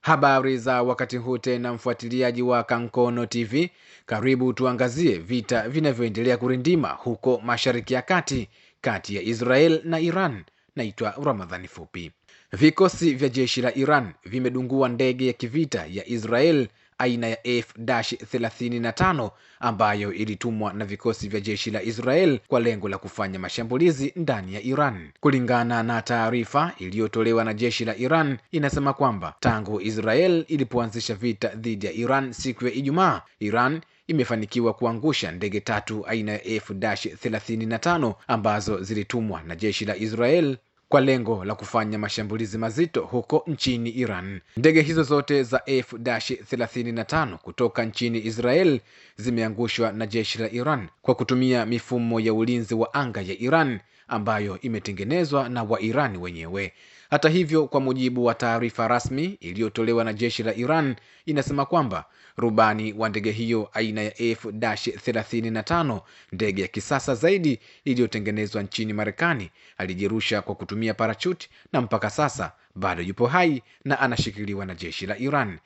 Habari za wakati huu tena, mfuatiliaji wa Kankono TV, karibu tuangazie vita vinavyoendelea kurindima huko Mashariki ya Kati kati ya Israel na Iran. Naitwa Ramadhani Fupi. Vikosi vya jeshi la Iran vimedungua ndege ya kivita ya Israel aina ya F-35 ambayo ilitumwa na vikosi vya jeshi la Israel kwa lengo la kufanya mashambulizi ndani ya Iran. Kulingana na taarifa iliyotolewa na jeshi la Iran, inasema kwamba tangu Israel ilipoanzisha vita dhidi ya Iran siku ya Ijumaa, Iran imefanikiwa kuangusha ndege tatu aina ya F-35 ambazo zilitumwa na jeshi la Israel kwa lengo la kufanya mashambulizi mazito huko nchini Iran. Ndege hizo zote za F-35 kutoka nchini Israel zimeangushwa na jeshi la Iran kwa kutumia mifumo ya ulinzi wa anga ya Iran ambayo imetengenezwa na Wairani wenyewe. Hata hivyo, kwa mujibu wa taarifa rasmi iliyotolewa na jeshi la Iran inasema kwamba rubani wa ndege hiyo aina ya F-35 ndege ya kisasa zaidi iliyotengenezwa nchini Marekani alijirusha kwa kutumia parachuti na mpaka sasa bado yupo hai na anashikiliwa na jeshi la Iran.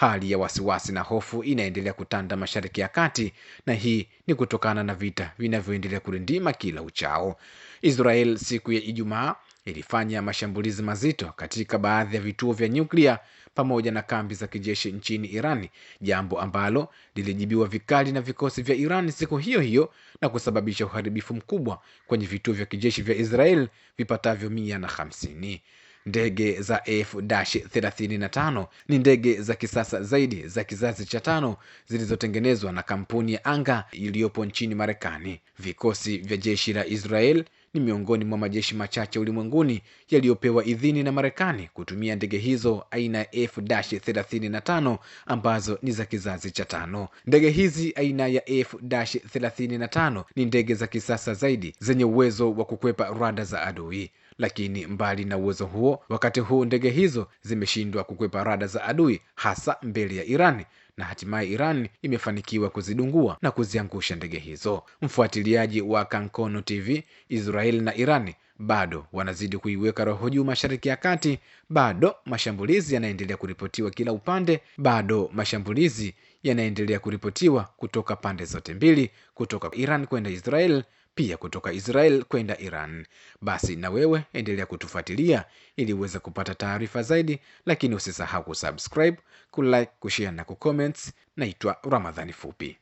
Hali ya wasiwasi na hofu inaendelea kutanda Mashariki ya Kati, na hii ni kutokana na vita vinavyoendelea kurindima kila uchao. Israel siku ya Ijumaa ilifanya mashambulizi mazito katika baadhi ya vituo vya nyuklia pamoja na kambi za kijeshi nchini Iran, jambo ambalo lilijibiwa vikali na vikosi vya Iran siku hiyo hiyo na kusababisha uharibifu mkubwa kwenye vituo vya kijeshi vya Israel vipatavyo mia na hamsini. Ndege za F-35 ni ndege za kisasa zaidi za kizazi cha tano zilizotengenezwa na kampuni ya anga iliyopo nchini Marekani. Vikosi vya jeshi la Israel ni miongoni mwa majeshi machache ulimwenguni yaliyopewa idhini na Marekani kutumia ndege hizo aina ya F-35 ambazo ni za kizazi cha tano. Ndege hizi aina ya F-35 ni ndege za kisasa zaidi zenye uwezo wa kukwepa rada za adui. Lakini mbali na uwezo huo, wakati huu ndege hizo zimeshindwa kukwepa rada za adui, hasa mbele ya Irani na hatimaye Iran imefanikiwa kuzidungua na kuziangusha ndege hizo. Mfuatiliaji wa Kankono TV, Israel na Iran bado wanazidi kuiweka roho juu Mashariki ya Kati, bado mashambulizi yanaendelea kuripotiwa kila upande, bado mashambulizi yanaendelea kuripotiwa kutoka pande zote mbili, kutoka Iran kwenda Israel pia kutoka Israel kwenda Iran. Basi na wewe endelea kutufuatilia ili uweze kupata taarifa zaidi, lakini usisahau kusubscribe, kulike, kushare na kucomments. Naitwa Ramadhani Fupi.